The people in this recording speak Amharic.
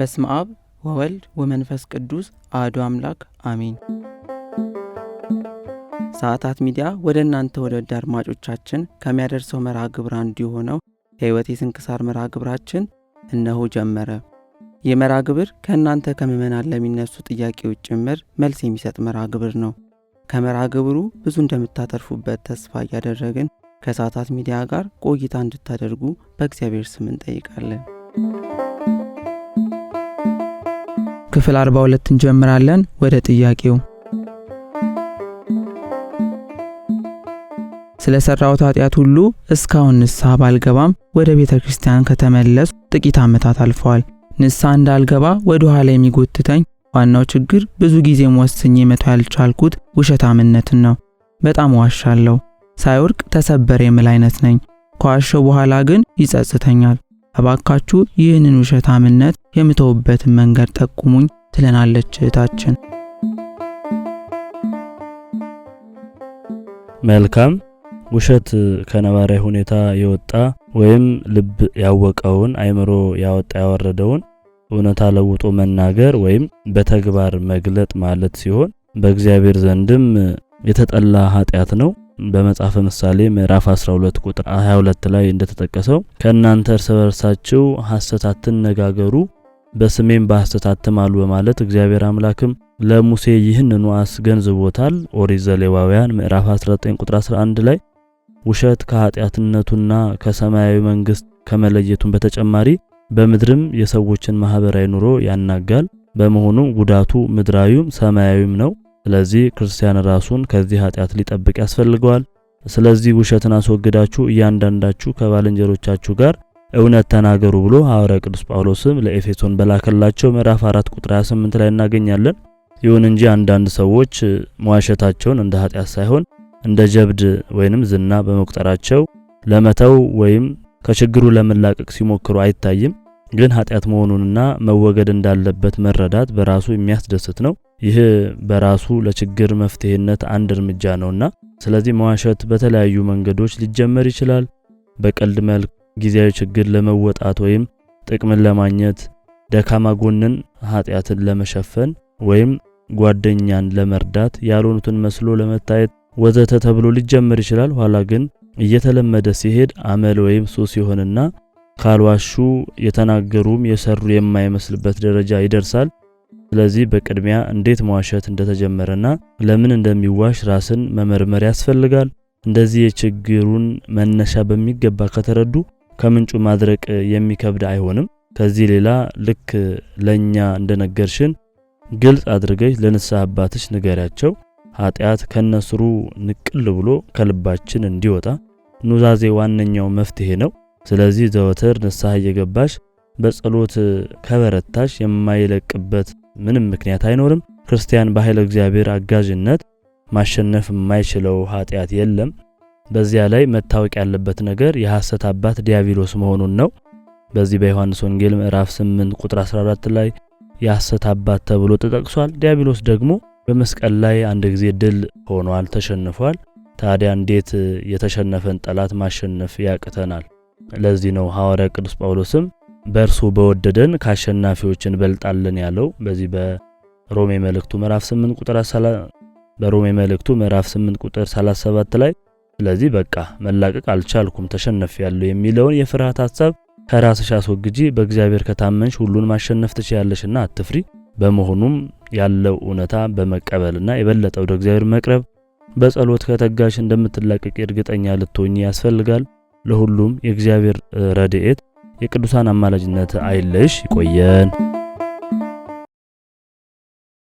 በስመ አብ ወወልድ ወመንፈስ ቅዱስ አሐዱ አምላክ አሜን። ሰዓታት ሚዲያ ወደ እናንተ ወደ ወደ አድማጮቻችን ከሚያደርሰው መርሃ ግብር አንዱ የሆነው የሕይወት የስንክሳር መርሃ ግብራችን እነሆ ጀመረ። ይህ መርሃ ግብር ከእናንተ ከምዕመናን ለሚነሱ ጥያቄዎች ጭምር መልስ የሚሰጥ መርሃ ግብር ነው። ከመርሃ ግብሩ ብዙ እንደምታተርፉበት ተስፋ እያደረግን ከሰዓታት ሚዲያ ጋር ቆይታ እንድታደርጉ በእግዚአብሔር ስም እንጠይቃለን። ክፍል 42 እንጀምራለን። ወደ ጥያቄው ስለ ሰራሁት ኃጢአት ሁሉ እስካሁን ንስሐ ባልገባም ወደ ቤተ ክርስቲያን ከተመለሱ ጥቂት ዓመታት አልፈዋል። ንስሐ እንዳልገባ ወደ ኋላ የሚጎትተኝ ዋናው ችግር ብዙ ጊዜም ወስኜ መቶ ያልቻልኩት ውሸታምነትን ነው። በጣም ዋሻለሁ። ሳይወርቅ ተሰበረ የምል አይነት ነኝ። ከዋሸው በኋላ ግን ይጸጽተኛል። እባካችሁ ይህንን ውሸታምነት የምተውበትን መንገድ ጠቁሙኝ ትለናለች እህታችን። መልካም ውሸት ከነባራዊ ሁኔታ የወጣ ወይም ልብ ያወቀውን አይምሮ ያወጣ ያወረደውን እውነታ ለውጦ መናገር ወይም በተግባር መግለጥ ማለት ሲሆን በእግዚአብሔር ዘንድም የተጠላ ኃጢአት ነው። በመጽሐፈ ምሳሌ ምዕራፍ 12 ቁጥር 22 ላይ እንደተጠቀሰው ከእናንተ እርስ በርሳችሁ ሐሰት አትነጋገሩ በስሜም በሐሰት አትማሉ በማለት እግዚአብሔር አምላክም ለሙሴ ይህንኑ አስገንዝቦታል። ኦሪት ዘሌዋውያን ምዕራፍ 19 ቁጥር 11 ላይ ውሸት ከኃጢአትነቱና ከሰማያዊ መንግስት ከመለየቱን በተጨማሪ በምድርም የሰዎችን ማህበራዊ ኑሮ ያናጋል። በመሆኑ ጉዳቱ ምድራዊም ሰማያዊም ነው። ስለዚህ ክርስቲያን ራሱን ከዚህ ኃጢአት ሊጠብቅ ያስፈልገዋል። ስለዚህ ውሸትን አስወግዳችሁ እያንዳንዳችሁ ከባልንጀሮቻችሁ ጋር እውነት ተናገሩ ብሎ ሐዋርያ ቅዱስ ጳውሎስም ለኤፌሶን በላከላቸው ምዕራፍ 4 ቁጥር 28 ላይ እናገኛለን። ይሁን እንጂ አንዳንድ ሰዎች መዋሸታቸውን እንደ ኃጢአት ሳይሆን እንደ ጀብድ ወይንም ዝና በመቁጠራቸው ለመተው ወይም ከችግሩ ለመላቀቅ ሲሞክሩ አይታይም። ግን ኃጢአት መሆኑንና መወገድ እንዳለበት መረዳት በራሱ የሚያስደስት ነው። ይህ በራሱ ለችግር መፍትሄነት አንድ እርምጃ ነውና፣ ስለዚህ መዋሸት በተለያዩ መንገዶች ሊጀመር ይችላል። በቀልድ መልክ፣ ጊዜያዊ ችግር ለመወጣት ወይም ጥቅምን ለማግኘት፣ ደካማ ጎንን ኃጢአትን ለመሸፈን ወይም ጓደኛን ለመርዳት፣ ያልሆኑትን መስሎ ለመታየት ወዘተ ተብሎ ሊጀመር ይችላል። ኋላ ግን እየተለመደ ሲሄድ አመል ወይም ሱስ ይሆንና ካልዋሹ የተናገሩም የሰሩ የማይመስልበት ደረጃ ይደርሳል። ስለዚህ በቅድሚያ እንዴት መዋሸት እንደተጀመረና ለምን እንደሚዋሽ ራስን መመርመር ያስፈልጋል። እንደዚህ የችግሩን መነሻ በሚገባ ከተረዱ ከምንጩ ማድረቅ የሚከብድ አይሆንም። ከዚህ ሌላ ልክ ለእኛ እንደነገርሽን ግልጽ አድርገሽ ለንስሐ አባትሽ ንገሪያቸው። ኃጢአት ከነስሩ ንቅል ብሎ ከልባችን እንዲወጣ ኑዛዜ ዋነኛው መፍትሄ ነው። ስለዚህ ዘወትር ንስሐ እየገባሽ በጸሎት ከበረታሽ የማይለቅበት ምንም ምክንያት አይኖርም። ክርስቲያን በኃይለ እግዚአብሔር አጋዥነት ማሸነፍ የማይችለው ኃጢአት የለም። በዚያ ላይ መታወቅ ያለበት ነገር የሐሰት አባት ዲያብሎስ መሆኑን ነው። በዚህ በዮሐንስ ወንጌል ምዕራፍ 8 ቁጥር 14 ላይ የሐሰት አባት ተብሎ ተጠቅሷል። ዲያብሎስ ደግሞ በመስቀል ላይ አንድ ጊዜ ድል ሆኗል፣ ተሸንፏል። ታዲያ እንዴት የተሸነፈን ጠላት ማሸነፍ ያቅተናል? ለዚህ ነው ሐዋርያ ቅዱስ ጳውሎስም በእርሱ በወደደን ከአሸናፊዎች እንበልጣለን ያለው በዚህ በሮሜ መልእክቱ ምዕራፍ 8 ቁጥር በሮሜ መልእክቱ ምዕራፍ 8 ቁጥር 37 ላይ ስለዚህ በቃ መላቀቅ አልቻልኩም፣ ተሸነፍ ያለው የሚለውን የፍርሃት ሀሳብ ከራስሽ አስወግጂ። በእግዚአብሔር ከታመንሽ ሁሉን ማሸነፍ ትችያለሽና አትፍሪ። በመሆኑም ያለው እውነታ በመቀበልና የበለጠ ወደ እግዚአብሔር መቅረብ በጸሎት ከተጋሽ እንደምትላቀቅ እርግጠኛ ልትሆኚ ያስፈልጋል። ለሁሉም የእግዚአብሔር ረድኤት የቅዱሳን አማላጅነት አይለሽ። ይቆየን።